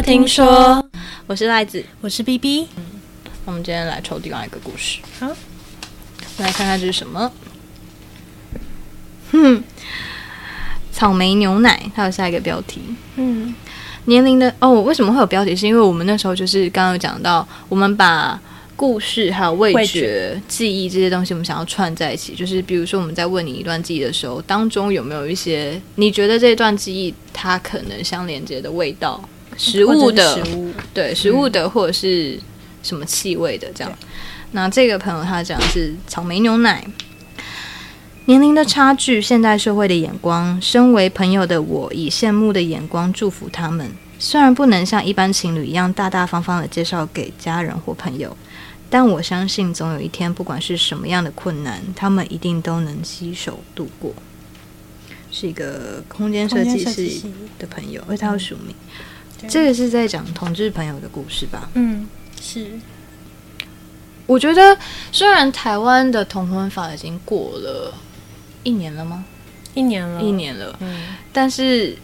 聽說我是賴子，我是 BB。嗯，我們今天來抽另外一個故事。好、啊，來看看這是什麼？哼， 草莓牛奶。還有下一個標題。嗯，年齡的哦，為什麼會有標題？是因為我們那時候就是剛剛有講到，我們把故事還有味覺、味覺記憶這些東西，我們想要串在一起。就是比如說，我們在問你一段記憶的時候，當中有沒有一些你覺得這段記憶它可能相連接的味道？食物的，食物對食物的，或者是什麼氣味的這樣。嗯、那這個朋友他講是草莓牛奶。年齡的差距，現代社會的眼光，身為朋友的我以羨慕的眼光祝福他們。雖然不能像一般情侶一樣大大方方的介紹給家人或朋友，但我相信總有一天，不管是什麼樣的困難，他們一定都能攜手度過。是一個空間設計師的朋友，因為他要署名。嗯對這個是在講同志朋友的故事吧？嗯，是。我覺得雖然台灣的同婚法已經過了一年了嗎？一年了，一年了。嗯、但是，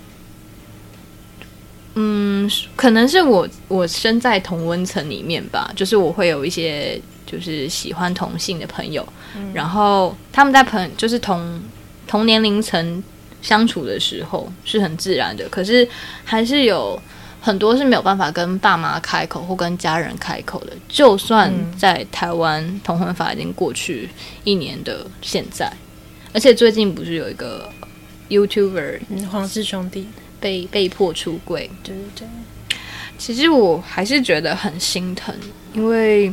嗯，可能是我我身在同溫層裡面吧，就是我會有一些就是喜歡同性的朋友，嗯、然後他們在朋就是同同年齡層相處的時候是很自然的，可是還是有。很多是沒有辦法跟爸媽開口或跟家人開口的，就算在台灣同婚法已經過去一年的現在，嗯、而且最近不是有一個 YouTuber 黃氏、嗯、兄弟被被迫出櫃，對對對。其實我還是覺得很心疼，因為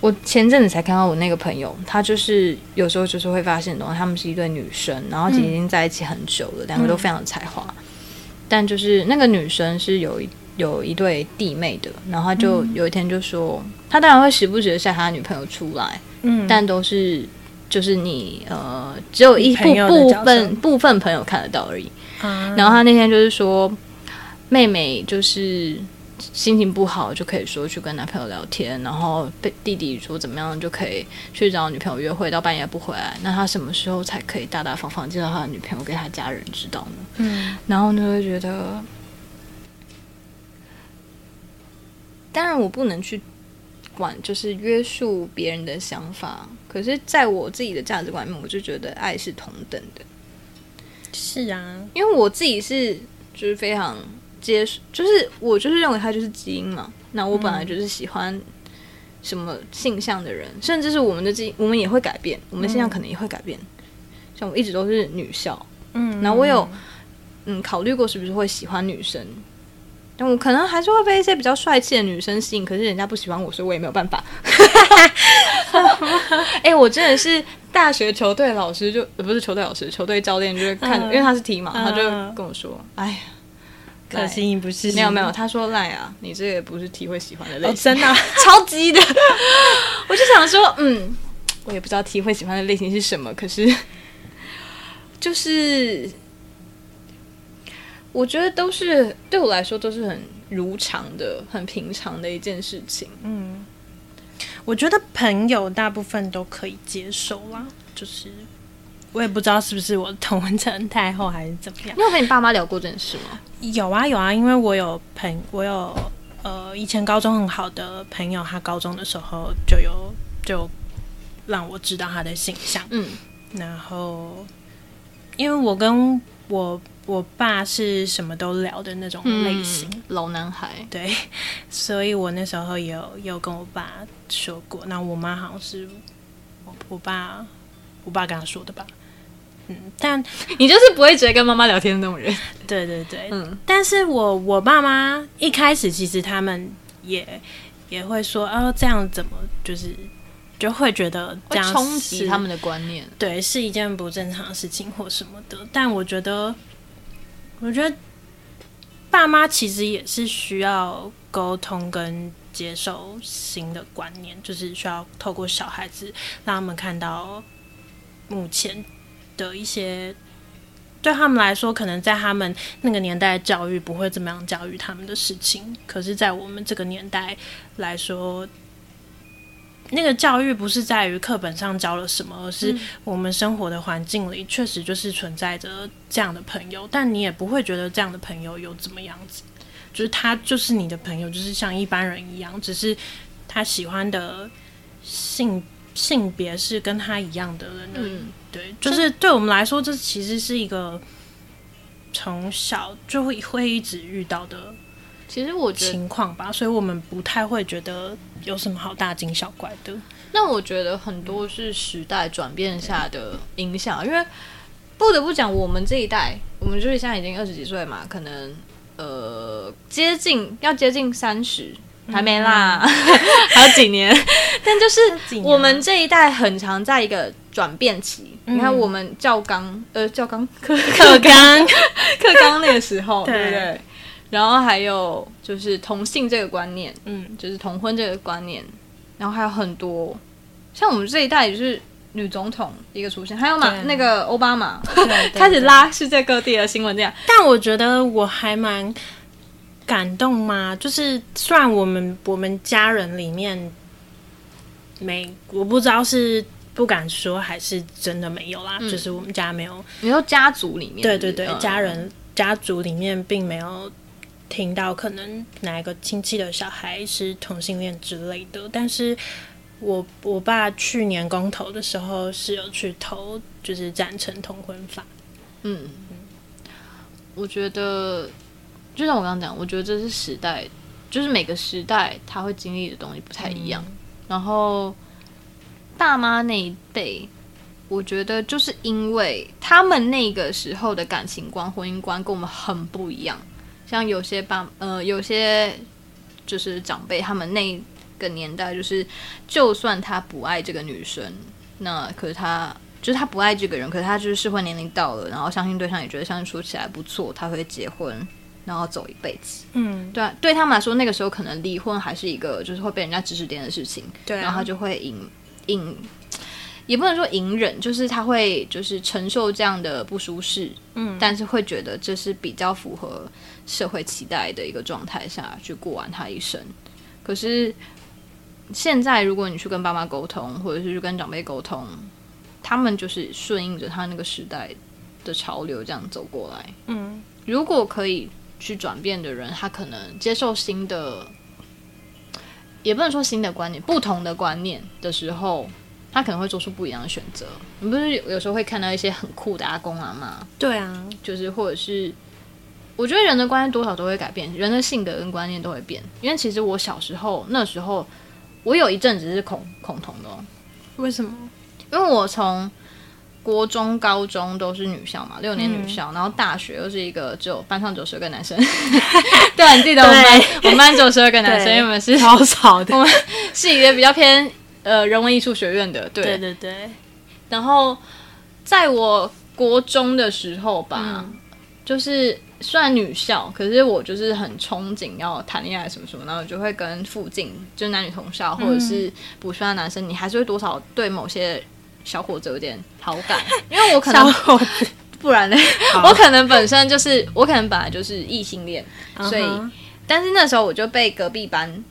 我前陣子才看到我那個朋友，他就是有時候就是會發現，然後他們是一對女生，然後已經在一起很久了，兩、嗯、個都非常的才華。但就是那個女生是有一有一對弟妹的。然後他就有一天就說，嗯、他當然會時不時的曬他女朋友出來，嗯、但都是就是你呃，只有一部分部分部分朋友看得到而已，嗯、然後他那天就是說，妹妹就是。心情不好就可以說去跟男朋友聊天，然後被弟弟說怎麼樣就可以去找女朋友約會，到半夜不回來，那他什麼時候才可以大大方方介紹他的女朋友給他家人知道呢？嗯，然後呢會覺得，當然我不能去管，就是約束別人的想法，可是在我自己的價值觀裡面，我就覺得愛是同等的。是啊，因為我自己是就是非常。接就是我就是認為他就是基因嘛。那我本來就是喜歡什麼性向的人，嗯、甚至是我們的基因，我們也會改變，我們性向可能也會改變。嗯、像我一直都是女校，嗯，那我有嗯考慮過是不是會喜歡女生，但我可能還是會被一些比較帥氣的女生吸引。可是人家不喜歡我，所以我也沒有辦法。哎、 欸，我真的是大學球隊老師就，就不是球隊老師，球隊教練，就是看，因為他是 T 嘛，嗯、他就跟我說，哎呀、嗯。可惜你不是，沒有沒有，他說賴啊，你這個也不是體會喜歡的類型，哦、真的、啊、超級的。 我就想說，嗯，我也不知道體會喜歡的類型是什麼，可是就是我覺得都是對我來說都是很如常的、很平常的一件事情。嗯，我覺得朋友大部分都可以接受啦、啊，就是。我也不知道是不是我同溫層太厚還是怎麼樣。你有跟你爸媽聊過這件事嗎？有啊有啊，因為我有朋，我有呃以前高中很好的朋友，他高中的時候就有就讓我知道他的性向。嗯，然後因為我跟我我爸是什麼都聊的那種類型，嗯、老男孩對，所以我那時候也有也有跟我爸說過，那我媽好像是我，我爸我爸跟他說的吧。嗯，但你就是不會直接跟媽媽聊天的那種人， 對對對，嗯。但是我我爸媽一開始其實他們也也會說，啊，這樣怎麼就是就會覺得這樣會衝擊他們的觀念，對，是一件不正常的事情或什麼的。但我覺得，我覺得爸媽其實也是需要溝通跟接受新的觀念，就是需要透過小孩子讓他們看到目前。的一些，對他們來說，可能在他們那個年代教育不會怎麼樣教育他們的事情，可是，在我們這個年代來說，那個教育不是在於課本上教了什麼，而是我們生活的環境裡確實就是存在着這樣的朋友，但你也不會覺得這樣的朋友有怎麼樣子，就是他就是你的朋友，就是像一般人一樣，只是他喜歡的性性別是跟他一樣的人。嗯。對，就是對我們來說，這其實是一個從小就會會一直遇到的，其實我覺得情況吧，所以我們不太會覺得有什麼好大驚小怪的。那我覺得很多是時代轉變下的影響，嗯、因為不得不講，我們這一代，我們就是現在已經二十幾歲嘛，可能呃接近要接近三十。還沒啦，嗯啊、 還有幾年，但就是我們這一代很常在一個轉變期。嗯、你看我們教綱呃教綱課課綱課綱那個時候，對不對？對，對？然後還有就是同性這個觀念，嗯，就是同婚這個觀念，然後還有很多。像我們這一代也是女總統一個出現，還有嘛，對那個歐巴馬對對對開始拉世界各地的新聞這樣。但我覺得我還蠻。感動嗎？就是算我們我們家人裡面沒，沒我不知道是不敢說還是真的沒有啦。嗯、就是我們家沒有，沒有家族裡面。對對對，嗯、家人家族裡面並沒有聽到可能哪一個親戚的小孩是同性戀之類的。但是我我爸去年公投的時候是有去投，就是贊成同婚法。嗯嗯嗯，嗯我覺得。。就像我剛剛講，我覺得這是時代，就是每個時代他會經歷的東西不太一樣。嗯、然後爸媽那一輩，我覺得就是因為他們那個時候的感情觀、婚姻觀跟我們很不一樣。像有些爸，呃，有些就是長輩，他們那個年代，就是就算他不愛這個女生，那可是他就是他不愛這個人，可是他就是適婚年齡到了，然後相親對象也覺得相處說起來不錯，他會結婚。然後走一輩子，嗯，對啊，對他們來說，那個時候可能離婚還是一個就是會被人家指指點的事情，對啊，然後他就會隱隱，也不能說隱忍，就是他會就是承受這樣的不舒適，嗯，但是會覺得這是比較符合社會期待的一個狀態下去過完他一生。可是現在，如果你去跟爸媽溝通，或者是去跟長輩溝通，他們就是順應着他那個時代的潮流這樣走過來，嗯，如果可以。去轉變的人，他可能接受新的，也不能說新的觀念，不同的觀念的時候，他可能會做出不一樣的選擇。你不是有時候會看到一些很酷的阿公阿媽？對啊，就是或者是，我覺得人的觀念多少都會改變，人的性格跟觀念都會變。因為其實我小時候那時候，我有一陣子是恐恐同的喔。為什麼？因為我從國中、高中都是女校嘛，六年女校，嗯、然後大學又是一個只有班上只有十二個男生。 對、啊，你記得我們對我們班只有十二個男生，對因為我們是好少的。我們是一個比較偏呃人文藝術學院的，對對，對對。然後在我國中的時候吧，嗯、就是算女校，可是我就是很憧憬要談戀愛什麼什麼，然後我就會跟附近就是、男女同校或者是補習班男生，你還是會多少對某些。小伙子有點好感， 因為我可能， 不然呢，oh. 我可能本身就是，我可能本來就是異性戀，uh huh. 所以，但是那時候我就被隔壁班，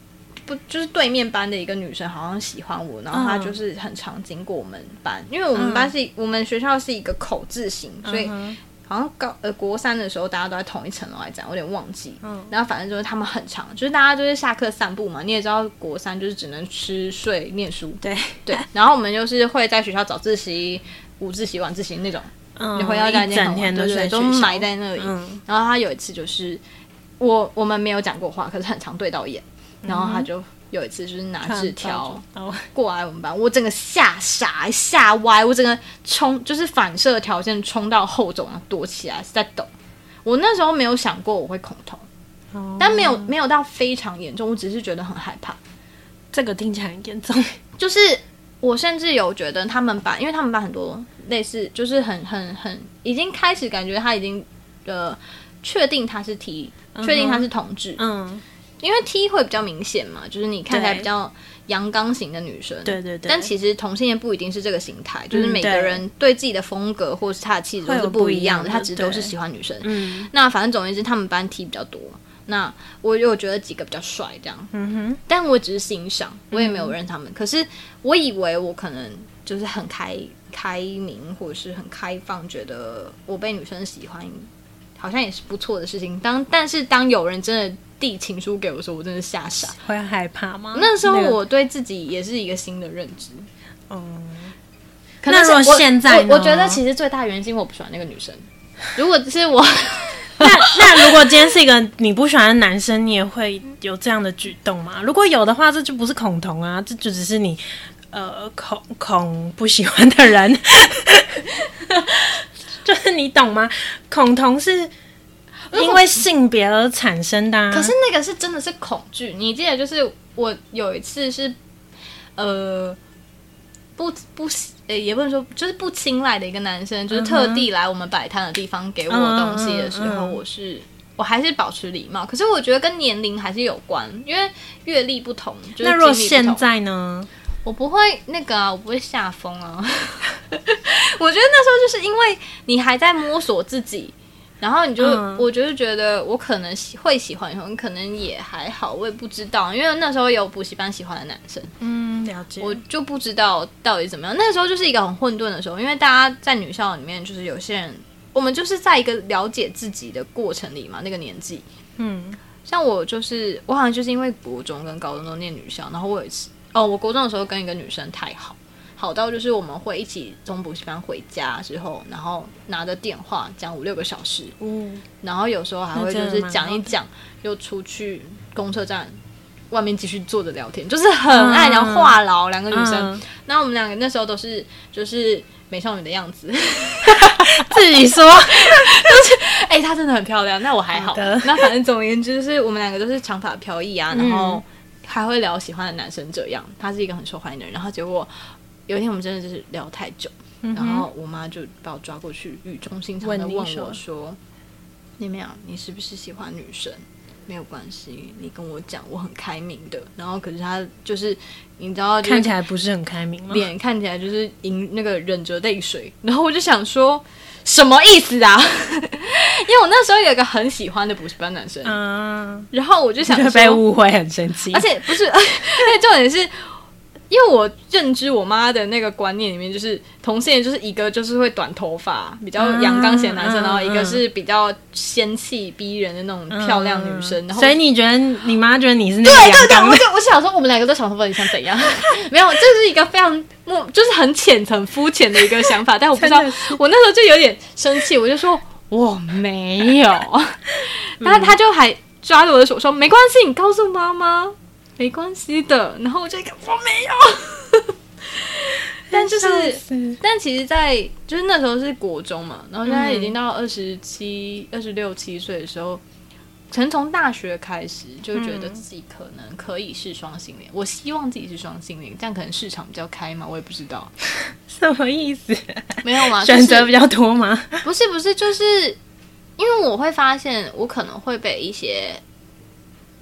不就是對面班的一個女生好像喜歡我，然後她就是很常經過我們班，uh huh. 因為我們班是，uh huh. 我們學校是一個口字型，所以。Uh huh. 好像高呃國三的時候，大家都在同一層樓來講，我我有點忘記。嗯，然後反正就是他們很長，就是大家就是下課散步嘛。你也知道，國三就是只能吃睡念書。對對，然後我們就是會在學校早自習、午自習、晚自習那種，你、嗯、回到家一整天都都埋在那裡。嗯，然後他有一次就是，我我們沒有講過話，可是很常對到眼，然後他就。嗯有一次就是拿紙條過來我們班，我整個嚇傻，嚇歪，我整個衝就是反射條件衝到後走廊躲起來，是在抖。我那時候沒有想過我會恐同，哦，但沒有沒有到非常嚴重，我只是覺得很害怕。這個聽起來很嚴重，就是我甚至有覺得他們班，因為他們班很多類似，就是很很很已經開始感覺他已經呃確定他是 T，確定他是同志，嗯，嗯。因為 T 會比較明顯嘛，就是你看起來比較陽剛型的女生。對對對。但其實同性戀不一定是這個形態，對對對。就是每個人對自己的風格或是他的氣質都是不一樣的，樣的。他其實都是喜歡女生。嗯。那反正總而言之，他們班 T 比較多。那我又覺得幾個比較帥這樣。嗯哼。但我只是欣賞，我也沒有認他們。嗯哼。可是我以為我可能就是很開開明或者是很開放，覺得我被女生喜歡。好像也是不錯的事情。當但是當有人真的遞情書給我的時候，我真的嚇傻，會害怕嗎？那時候我對自己也是一個新的認知。嗯，那如果現在呢，我，我，我覺得其實最大原因，是我我不喜歡那個女生。如果是我， 那 那如果今天是一個你不喜歡的男生，你也會有這樣的舉動嗎？如果有的話，這就不是恐同啊，這就只是你呃恐恐不喜歡的人。 就是你懂嗎？恐同是因為性別而產生的啊。可是那個是真的是恐懼。你記得，就是我有一次是，呃，不不、欸，也不能說就是不青睞的一個男生，嗯、哼就是特地來我們擺攤的地方給我東西的時候，嗯嗯嗯、我是我還是保持禮貌。可是我覺得跟年齡還是有關，因為閱歷不同。就是、經歷不同，那如果現在呢？我不會那個、啊，我不會嚇瘋啊。 我覺得那時候就是因為你還在摸索自己，然後你就、嗯、我就是覺得我可能喜會喜歡的時候，你可能也還好，我也不知道，因為那時候也有補習班喜歡的男生，嗯，了解，我就不知道到底怎麼樣。那時候就是一個很混沌的時候，因為大家在女校裡面，就是有些人，我們就是在一個了解自己的過程裡嘛，那個年紀，嗯，像我就是我好像就是因為國中跟高中都念女校，然後我有一次哦，我國中的時候跟一個女生太好。好到就是我們會一起中補習班回家之後，然後拿着電話講五六個小時，嗯，然後有時候還會就是講一講，又出去公車站外面繼續坐着聊天，就是很愛聊話癆兩個女生。那、嗯嗯、我們兩個那時候都是就是美少女的樣子，嗯、 自己說，就是哎，她真的很漂亮。那我還好，好的 那反正總而言之，就是我們兩個都是長髮飄逸啊，嗯、然後還會聊喜歡的男生這樣。她是一個很受歡迎的人，然後結果。有一天我們真的就是聊太久，嗯、哼然後我媽就把我抓過去，語重心長的問我說：“你說你沒有？你是不是喜歡女生？沒有關係，你跟我講，我很開明的。”然後可是她就是你知道、就是，看起來不是很開明嗎？臉看起來就是隱那個忍着淚水。然後我就想說，什麼意思啊？ 因為我那時候有一個很喜歡的補習班男生，嗯，然後我就想說會被誤會，很生氣，而且不是，而且重點是。因為我認知我媽的那個觀念裡面，就是同性戀就是一個就是會短頭髮、比較陽剛型男生，嗯、然後一個是比較仙氣逼人的那種漂亮女生。嗯、所以你覺得你媽覺得你是那種對對對，對，我就我想說我們兩個都長頭髮，你想怎樣？ 沒有，這是一個非常莫，就是很淺層、很膚淺的一個想法。但我不知道，我那時候就有點生氣，我就說我沒有。然後、 嗯、他就還抓着我的手我說：“沒關係，你告訴媽媽。”沒關係的，然後我就講我沒有， 但就是，是但其實在，在就是那時候是國中嘛，然後現在已經到二十七、二十六七歲的時候，可能從大學開始就覺得自己可能可以是雙性戀，嗯、我希望自己是雙性戀，但可能市場比較開嘛，我也不知道什麼意思，沒有嗎？選擇比較多嗎？不是不是，就是因為我會發現我可能會被一些。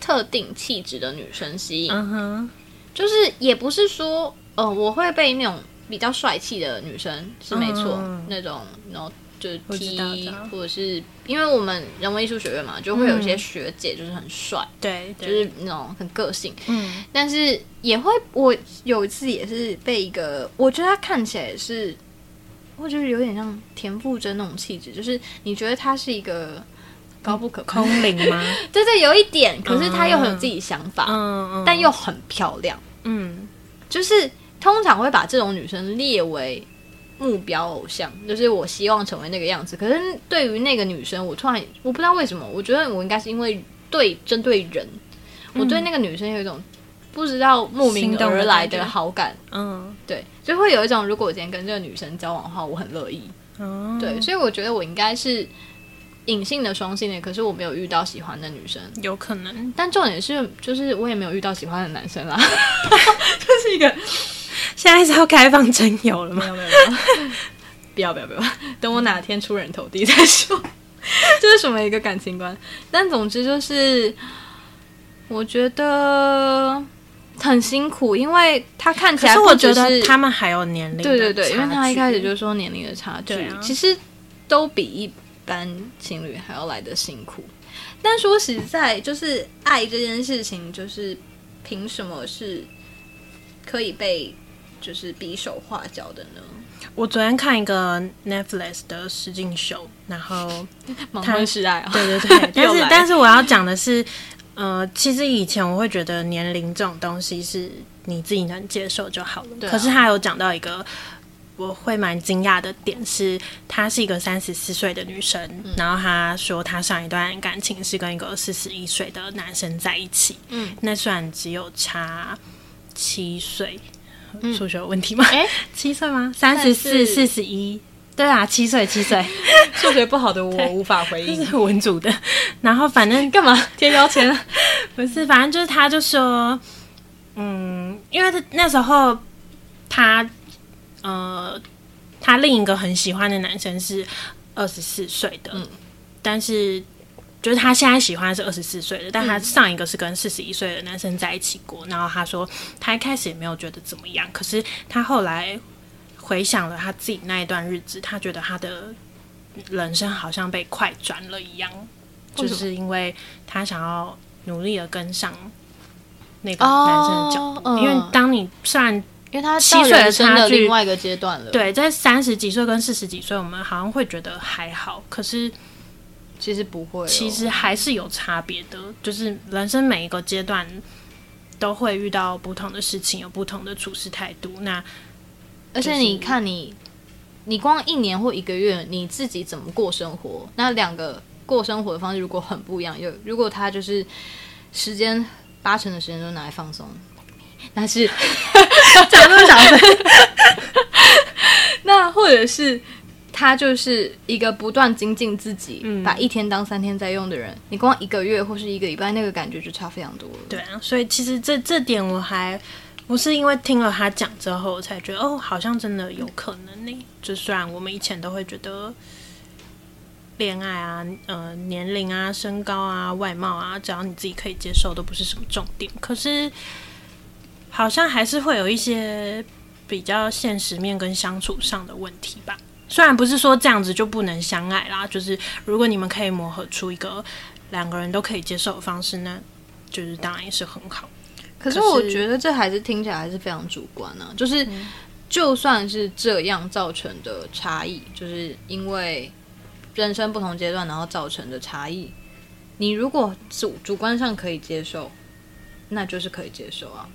特定氣質的女生吸引，uh huh. 就是也不是說，呃，我會被那種比較帥氣的女生是沒錯，uh huh. 那種，然後就是 T，或者是因為我們人文藝術學院嘛，就會有一些學姐就是很帥，對、嗯，就是那種很個性，嗯，但是也會，我有一次也是被一個，我覺得她看起來是，我覺得有點像田馥甄那種氣質，就是你覺得她是一個。高不可空靈嗎？對對，有一點。嗯、可是她又很有自己想法，嗯嗯、但又很漂亮。嗯，就是通常會把這種女生列為目標偶像，就是我希望成為那個樣子。可是對於那個女生，我突然我不知道為什麼，我覺得我應該是因為對針對人，嗯、我對那個女生有一種不知道莫名而來的好感。嗯，對，就會有一種如果我今天跟這個女生交往的話，我很樂意。嗯，對，所以我覺得我應該是。隱性的雙性戀，可是我沒有遇到喜歡的女生，有可能。但重點是，就是我也沒有遇到喜歡的男生啦。這 是一個現在是要開放徵友了嗎？沒有沒有沒有， 不要不要不要，等我哪天出人頭地再說。這 是什麼一個感情觀？ 但總之就是，我覺得很辛苦，因為他看起來我覺得我他們還有年齡，對對對，因為他一開始就說年齡的差距，對啊，對，其實都比一。般情侶還要來的辛苦，但說實在，就是愛這件事情，就是憑什麼是可以被就是比手畫腳的呢？我昨天看一個 Netflix 的實境秀，然後談是愛、哦，對對對， 但是但是我要講的是，呃，其實以前我會覺得年齡這種東西是你自己能接受就好了，啊、可是他有講到一個。我會蠻驚訝的點是，她是一個三十四歲的女生，嗯、然後她說她上一段感情是跟一個四十一歲的男生在一起，嗯，那雖然只有差七歲，數、嗯、學有問題嗎？哎、欸，七歲嗎？三十四、四十一，對啊，七歲七歲，數 學不好的我無法回應，是文組的。然後反正幹 嘛，天要錢？ 不是，反正就是她就說，嗯，因為那時候她。呃，他另一個很喜歡的男生是二十四歲的，嗯、但是就是他現在喜歡是二十四歲的，但他上一個是跟四十一歲的男生在一起過。嗯、然後他說，他一開始也沒有覺得怎麼樣，可是他後來回想了他自己那一段日子，他覺得他的人生好像被快轉了一樣，就是因為他想要努力的跟上那個男生的腳步，oh, uh. 因為當你雖然。因為他七歲的另外一個階段了。對，在三十幾歲跟四十幾歲，我們好像會覺得還好，可是其實不會，其實還是有差別的。就是人生每一個階段都會遇到不同的事情，有不同的處事態度。那、就是、而且你看你，你你光一年或一個月，你自己怎麼過生活？那兩個過生活的方式如果很不一樣，有如果他就是時間八成的時間都拿來放鬆。那是假弄假的， 那或者是他就是一個不斷精進自己，嗯、把一天當三天在用的人。你光一個月或是一個禮拜，那個感覺就差非常多了。對啊，所以其實這這點我還不是因為聽了他講之後才覺得，哦，好像真的有可能呢。就雖然我們以前都會覺得戀愛啊、呃、年齡啊、身高啊、外貌啊，只要你自己可以接受，都不是什麼重點。可是。好像還是會有一些比較現實面跟相處上的問題吧。雖然不是說這樣子就不能相愛啦，就是如果你們可以磨合出一個兩個人都可以接受的方式呢，那就是當然也是很好。可是我覺得這還是聽起來還是非常主觀呢、啊。就是就算是這樣造成的差異，就是因為人生不同階段然後造成的差異，你如果主主觀上可以接受，那就是可以接受啊。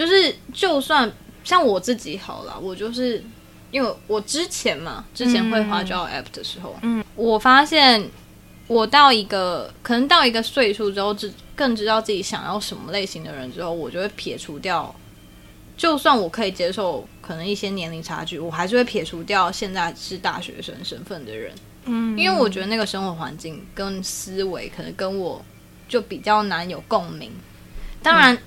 就是，就算像我自己好了，我就是因為我之前嘛，嗯、之前會滑交友 app 的時候，嗯，我發現我到一個可能到一個歲數之後，知更知道自己想要什麼類型的人之後，我就會撇除掉。就算我可以接受可能一些年齡差距，我還是會撇除掉現在是大學生身份的人，嗯，因為我覺得那個生活環境跟思維可能跟我就比較難有共鳴。嗯、當然。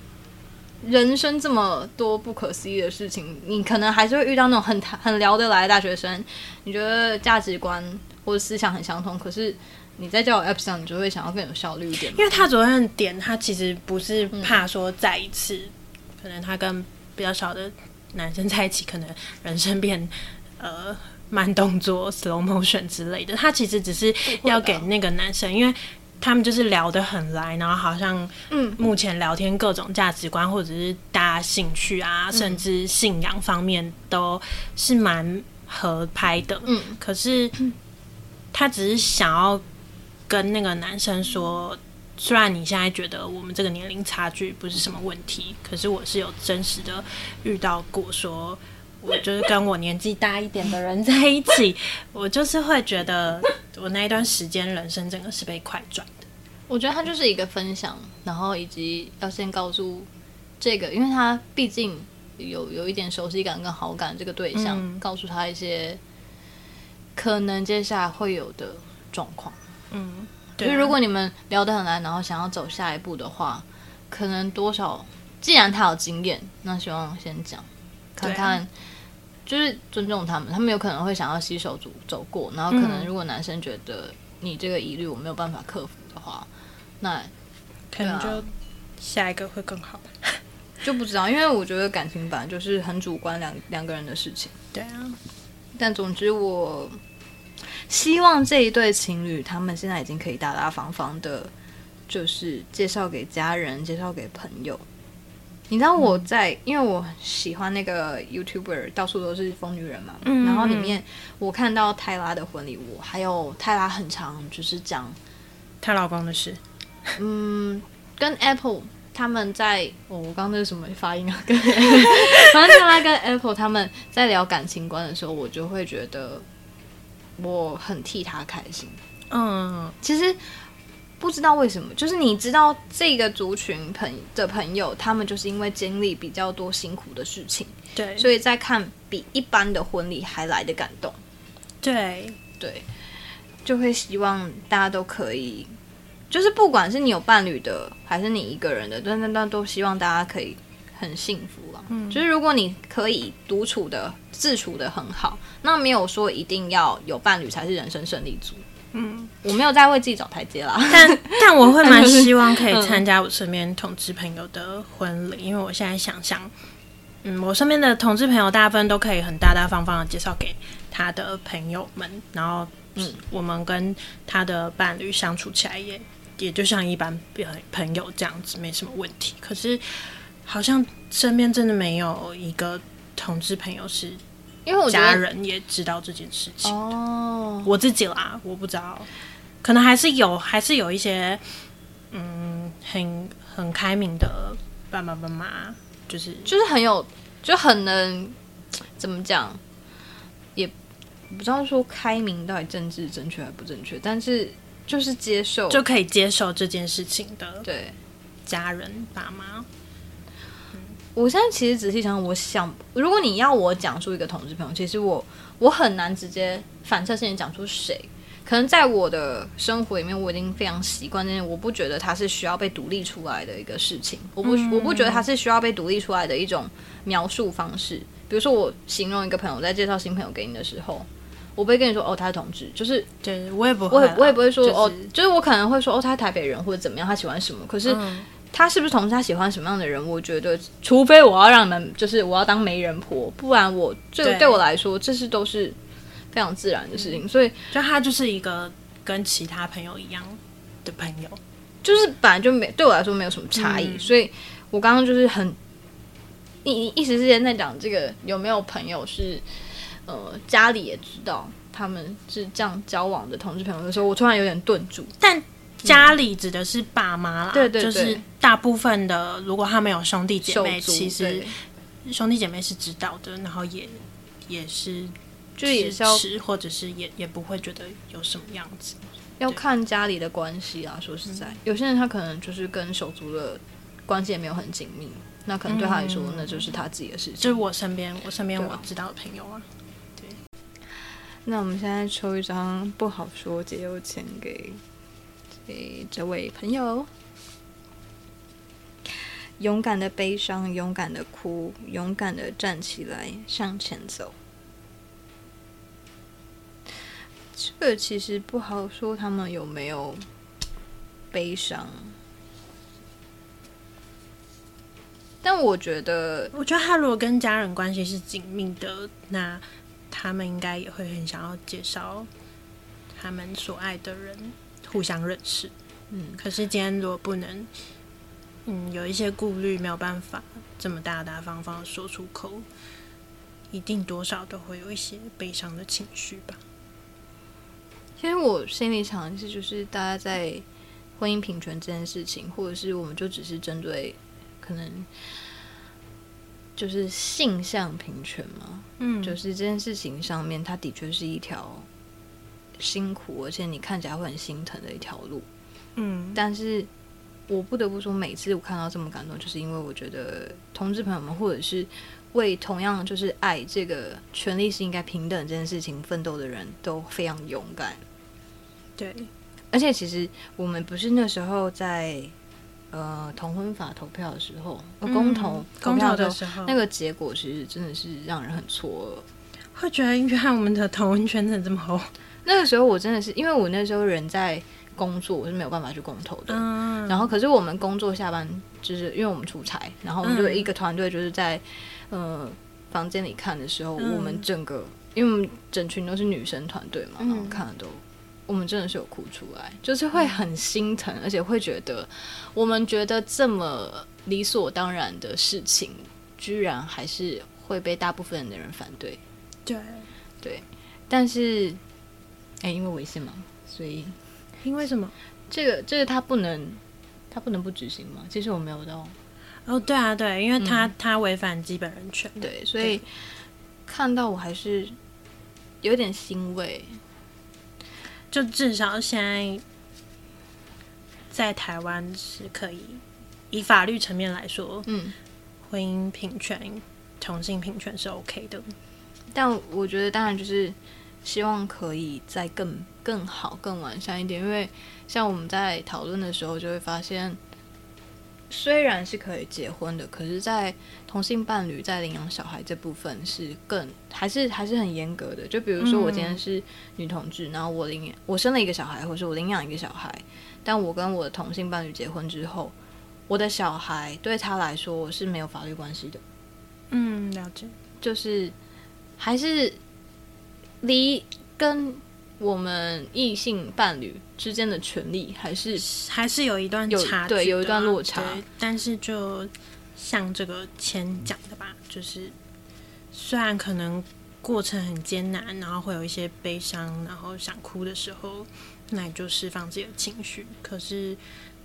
人生這麼多不可思議的事情，你可能還是會遇到那種很談、很聊得來的大學生。你覺得價值觀或者思想很相同，可是你在交友 App 上，你就會想要更有效率一點。因為他昨天的點，他其實不是怕說再一次，嗯、可能他跟比較小的男生在一起，可能人生變呃慢動作 （slow motion） 之類的。他其實只是要給那個男生，因為。他們就是聊得很來，然後好像，目前聊天，各種價值觀，嗯，或者是大家興趣啊，嗯，甚至信仰方面都是蠻合拍的。嗯，可是他只是想要跟那個男生說，嗯，雖然你現在覺得我們這個年齡差距不是什麼問題，嗯，可是我是有真實的遇到過說。我就是跟我年紀大一點的人在一起，我就是會覺得我那一段時間人生整個是被快轉的。我覺得他就是一個分享，然後以及要先告訴這個，因為他畢竟有有一點熟悉感跟好感這個對象，嗯、告訴他一些可能接下來會有的狀況。嗯，對、啊、如果你們聊得很來，然後想要走下一步的話，可能多少，既然他有經驗，那希望我先講，看看。就是尊重他們，他們有可能會想要攜手走走過，然後可能如果男生覺得你這個疑慮我沒有辦法克服的話，那可能就下一個會更好， 就不知道，因為我覺得感情本來就是很主觀兩兩個人的事情。對啊，但總之我希望這一對情侶他們現在已經可以大大方方的，就是介紹給家人，介紹給朋友。你知道我在，嗯、因為我喜歡那個 YouTuber，到處都是瘋女人嘛。嗯、然後裡面我看到泰拉的婚禮，我、嗯、還有泰拉很常，就是講她老公的事。嗯，跟 Apple 他們在，哦、我我剛那那什麼發音啊？跟 Apple, 反正泰拉跟 Apple 他們在聊感情觀的時候，我就會覺得我很替他開心。嗯，其實。不知道為什麼，就是你知道這個族群朋的朋友，他們就是因為經歷比較多辛苦的事情，對，所以在看比一般的婚禮還來得感動，對對，就會希望大家都可以，就是不管是你有伴侶的，還是你一個人的，但都希望大家可以很幸福啦。嗯，就是如果你可以獨處的自處的很好，那沒有說一定要有伴侶才是人生勝利組。嗯，我沒有在為自己找台階了，但但我會蠻希望可以參加我身邊同志朋友的婚禮， 嗯、因為我現在想想，嗯，我身邊的同志朋友，大部分都可以很大大方方的介紹給他的朋友們，然後是嗯，我們跟他的伴侶相處起來也也就像一般朋友這樣子，沒什麼問題。可是好像身邊真的沒有一個同志朋友是。因為我家人也知道這件事情，哦、我自己啦，我不知道，可能還是有，還是有一些，嗯，很很開明的爸爸媽媽，就是就是很有，就很能，怎麼講，也不知道說開明到底政治正確還不正確，但是就是接受就可以接受這件事情的，對，家人爸媽。我現在其實仔細想想，我想，如果你要我講出一個同志朋友，其實我我很難直接反射性地講出誰。可能在我的生活裡面，我已經非常習慣這些，我不覺得他是需要被獨立出來的一個事情。我不、嗯、我不覺得他是需要被獨立出來的一種描述方式。嗯、比如說，我形容一個朋友在介紹新朋友給你的時候，我不會跟你說哦，他是同志，就是對我也不我也、啊、我也不會說哦，就是、就是我可能會說哦，他是台北人或者怎麼樣，他喜歡什麼，可是。嗯他是不是同志，他喜歡什麼樣的人？我覺得，除非我要讓你們，就是我要當媒人婆，不然我這個對我來說，對這是都是非常自然的事情。嗯、所以，就他就是一個跟其他朋友一樣的朋友，就是本來就沒對我來說沒有什麼差異。嗯、所以，我剛剛就是很一一時之間在講這個有沒有朋友是呃家裡也知道他們是這樣交往的同志朋友的時候，我突然有點頓住，但。家裡指的是爸媽啦，對，對對，就是大部分的，如果他沒有兄弟姐妹，其實兄弟姐妹是知道的，然後也也是，就也是或者是也也不會覺得有什麼樣子。要看家裡的關係啊，說實在，嗯、有些人他可能就是跟手足的關係也沒有很緊密，那可能對他來說、嗯、那就是他自己的事情。就是我身邊，我身邊對我知道的朋友啊。對。那我們現在抽一張不好說，解憂籤給，給這位朋友，勇敢地悲傷，勇敢地哭，勇敢地站起來向前走。這個其實不好說，他們有沒有悲傷？但我覺得，我覺得他如果跟家人關係是緊密的，那他們應該也會很想要介紹他們所愛的人。互相認識，嗯，可是今天如果不能，嗯，有一些顧慮，沒有辦法這麼大大方方的說出口，一定多少都會有一些悲傷的情緒吧。其實我心裡想的是，就是大家在婚姻平權這件事情，或者是我們就只是針對可能就是性向平權嘛，嗯，就是這件事情上面，它的確是一條。辛苦，而且你看起來會很心疼的一條路，嗯。但是我不得不說，每次我看到這麼感動，就是因為我覺得同志朋友們，或者是為同樣就是愛這個權利是應該平等這件事情奮鬥的人都非常勇敢。對，而且其實我們不是那時候在呃同婚法投票的時候，嗯、公投投票的時候，時候那個結果其實真的是讓人很錯、嗯嗯、會覺得原來，我們的同婚權怎這麼好？那個時候我真的是，因為我那時候人在工作，我是沒有辦法去公投的。嗯、然後可是我們工作下班，就是因為我們出差，然後我們就一個團隊就是在、嗯、呃房間裡看的時候，嗯、我們整個因為我們整群都是女生團隊嘛，嗯、然後看了都，我們真的是有哭出來，就是會很心疼，而且會覺得我們覺得這麼理所當然的事情，居然還是會被大部分人的人反對。對，對，但是。哎、欸，因為違憲嘛，所以因為什麼？這個，這個他不能，他不能不執行嗎？其實我沒有弄。哦，對啊，對，因為他、嗯、他違反基本人權，對，所以對看到我還是有點欣慰。就至少現在在台灣是可以以法律層面來說，嗯，婚姻平權、同性平權是 OK 的。但我覺得，當然就是。希望可以再更更好，更完善一點，因為像我們在討論的時候，就會發現，雖然是可以結婚的，可是，在同性伴侶在領養小孩這部分是更還是還是很嚴格的。就比如說，我今天是女同志，嗯、然後我領養我生了一個小孩，或者是我領養一個小孩，但我跟我的同性伴侶結婚之後，我的小孩對他來說是沒有法律關係的。嗯，了解，就是還是。離跟我們異性伴侶之間的權利還是還是有一段差、啊、有對有一段落差對。但是就像這個前講的吧，就是雖然可能過程很艱難，然後會有一些悲傷，然後想哭的時候，那你就釋放自己的情緒。可是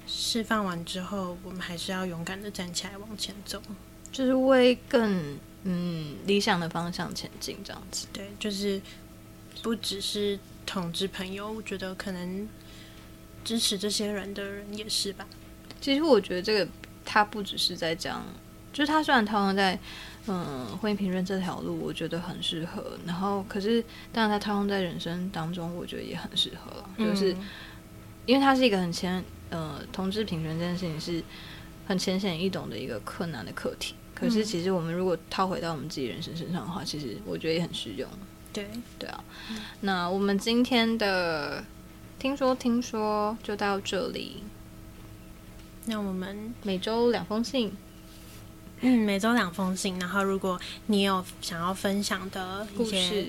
釋放完之後，我們還是要勇敢的站起來往前走，就是為更嗯理想的方向前進。這樣子，對，就是。不只是同志朋友，我覺得可能支持這些人的人也是吧。其實我覺得這個他不只是在講，就是他雖然套用在嗯、呃、婚姻平權這條路，我覺得很適合。然後可是當然他套用在人生當中，我覺得也很適合就是，嗯、因為他是一個很淺呃同志平權這件事情是很淺顯易懂的一個困難的課題。可是其實我們如果套回到我們自己人生身上的話，其實我覺得也很適用。對對啊，那我們今天的聽說聽說就到這裡。那我們每周兩封信，嗯，每周兩封信。然後，如果你有想要分享的故事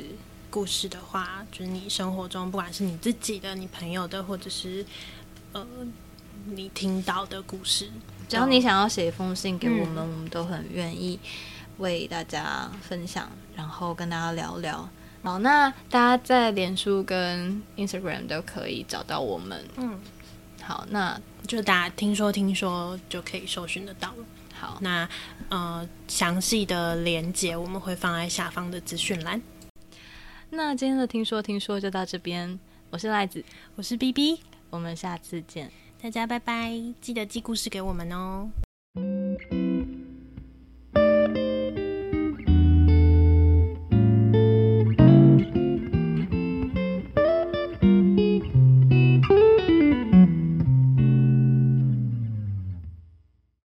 故事的話，故事。就是你生活中不管是你自己的、你朋友的，或者是呃你聽到的故事，只要你想要寫封信給我們，嗯、我們都很願意為大家分享，然後跟大家聊聊。好，那大家在臉書跟 Instagram 都可以找到我們。嗯，好，那就大家聽說聽說就可以搜尋得到了。好，那呃詳細的連結我們會放在下方的資訊欄。好。那今天的聽說聽說就到這邊，我是賴子，我是 BB，我們下次見，大家拜拜，記得寄故事給我們哦。